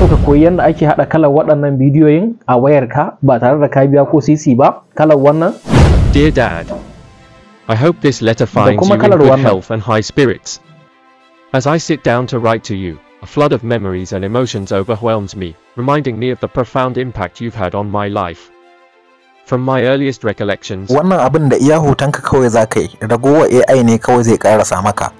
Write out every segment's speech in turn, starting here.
so ka koyi yadda ake haɗa kalar waɗannan bidiyoyin a wayarka ba tare da ka biya ko CC ba kalar wannan Dear Dad, I hope this letter finds you in good health and high spirits. As I sit down to write to you, a flood of memories and emotions overwhelms me, reminding me of the profound impact you've had on my life. From my earliest recollections, wannan abin da iya hotonka kawai za ka yi, ragowar AI ne kawai zai ƙarasa maka.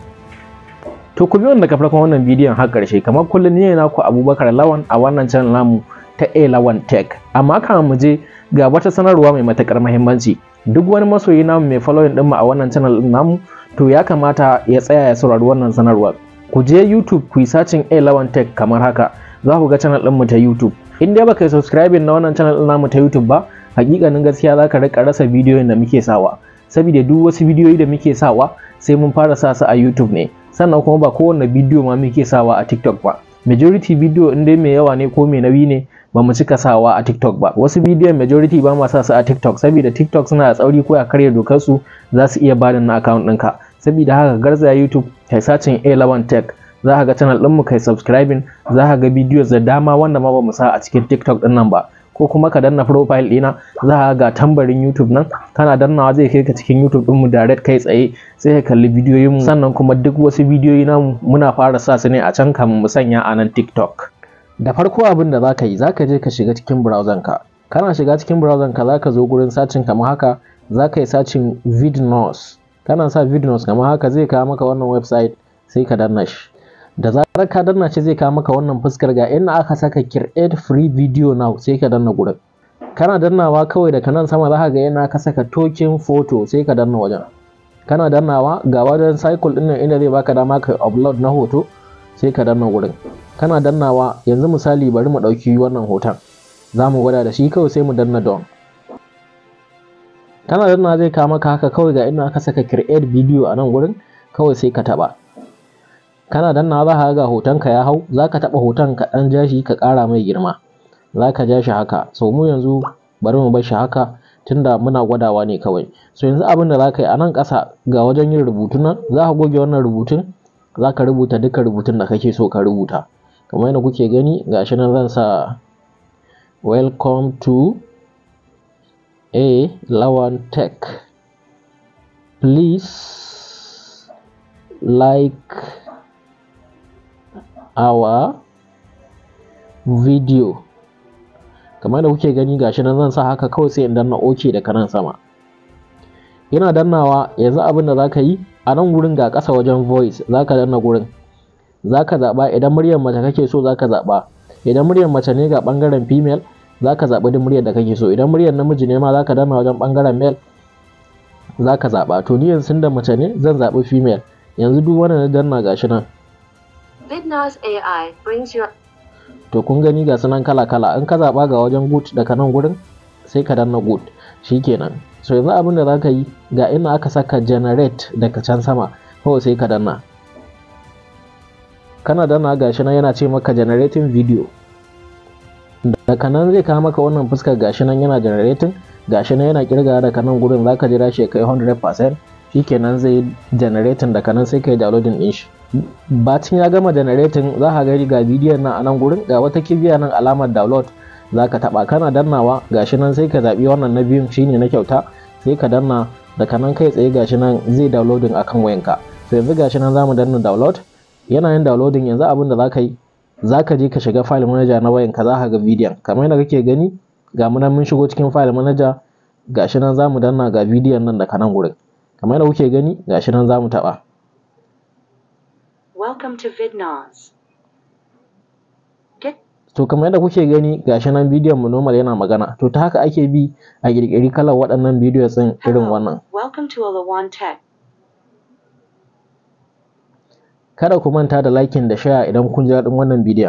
to ku biyo daga farkon wannan bidiyon har ƙarshe kamar kullum ne naku abubakar lawan a wannan channel namu ta a lawan tech amma kan mu je ga wata sanarwa mai matakar muhimmanci duk wani masoyi namu mai following ɗinmu a wannan channel ɗin namu to ya kamata ya tsaya ya saurari wannan sanarwar ku je youtube ku yi searching a lawan tech kamar haka za ku ga channel mu ta youtube in dai baka yi subscribing na wannan channel ɗin namu ta youtube ba hakikanin gaskiya za ka rika rasa bidiyoyin da muke sawa saboda duk wasu bidiyoyi da muke sawa sai mun fara sa su a youtube ne sannan kuma ba kowane bidiyo ma muke sawa a tiktok ba majority bidiyo in dai mai yawa ne ko mai nauyi ne ba mu cika sawa a tiktok ba wasu bidiyon majority ba ma sa su a tiktok saboda tiktok suna da tsauri ko ya karya dokar su za su iya bada na account ɗinka saboda haka garzaya youtube kai sacin a11 tech za ka ga channel mu kai subscribing za ka ga bidiyo da dama wanda ma ba mu sa a cikin tiktok ɗin nan ba ko kuma ka danna profile ɗina za ka ga tambarin YouTube nan kana dannawa zai kai ka cikin YouTube mu direct kai tsaye sai ka kalli bidiyoyin mu sannan kuma duk wasu bidiyoyi namu muna fara sa su ne a can kamun mu sanya a nan TikTok da farko abin da za ka yi za ka je ka shiga cikin browser ka kana shiga cikin browser ka za ka zo gurin sacin kamar haka za ka yi sacin vidnos kana sa vidnos kamar haka zai kawo maka wannan website sai ka danna shi da zarar ka danna shi zai kawo maka wannan fuskar ga inda aka saka create free video now sai ka danna gurin kana dannawa kawai daga nan sama zaka ga yana ka saka token photo sai ka danna wajen kana dannawa ga wajen cycle din nan inda zai baka dama ka upload na hoto sai ka danna gurin kana dannawa yanzu misali bari mu dauki wannan hoton za mu gwada da shi kawai sai mu danna don kana dannawa zai kawo maka haka kawai ga inda aka saka create video a nan gurin kawai sai ka taba kana danna za ka ga ka ya hau za ka taɓa hoton ka ɗan jashi ka ƙara mai girma za ka ja haka sau mu yanzu bari mu bar shi haka tunda muna gwadawa ne kawai so yanzu abin da za ka yi a nan ƙasa ga wajen yin rubutu nan za ka goge wannan rubutun za ka rubuta duka rubutun da kake so ka rubuta kamar yadda kuke gani ga shi nan zan sa welcome to a lawan tech please like our video kamar da kuke gani gashi nan zan sa haka kawai sai in danna ok da kanan sama Ina dannawa yanzu abin da zaka yi a nan gurin ga ƙasa wajen voice zaka danna gurin zaka zaɓa idan muryar mace kake so zaka zaɓa idan muryar mace ne ga bangaren female zaka zaɓi duk muryar da kake so idan muryar namiji ne ma zaka danna wajen ɓangaren male zaka zaɓa to ni yanzu da mace ne zan zaɓi female yanzu duk wannan na danna gashi nan Vidnos AI brings your To kun gani ga sunan kala-kala in ka zaɓa ga wajen good daga nan gurin sai ka danna good shikenan. So yanzu abin da za ka yi ga ina aka saka generate daga can sama kawai sai ka danna. Kana danna gashi nan yana ce maka generating video. Daga nan zai kawo maka wannan fuskar gashi nan yana generating gashi nan yana kirga daga nan gurin za ka jira shi kai 100% shikenan zai generating daga nan sai ka yi downloading din shi. bacin ya gama janaretin za ka gani ga bidiyon nan a nan gurin ga wata kibiya nan alamar download za ka taba kana dannawa gashi nan sai ka zaɓi wannan na biyun shine na kyauta sai ka danna daga nan kai tsaye gashi nan zai downloading akan wayanka to yanzu gashi nan zamu danna download yana yin downloading yanzu abin da za ka yi za ka je ka shiga file manager na wayanka za ka ga bidiyon kamar yadda kake gani ga mu nan mun shigo cikin file manager gashi nan zamu danna ga bidiyon nan daga nan gurin kamar yadda kuke gani gashi nan zamu taba Welcome to To kamar yadda kuke gani gashi nan bidiyon mu normal yana magana. To ta haka ake bi a kirkiri kalar waɗannan bidiyo tsin irin wannan. Welcome Kada ku manta da likin da share idan kun ji daɗin wannan bidiyon.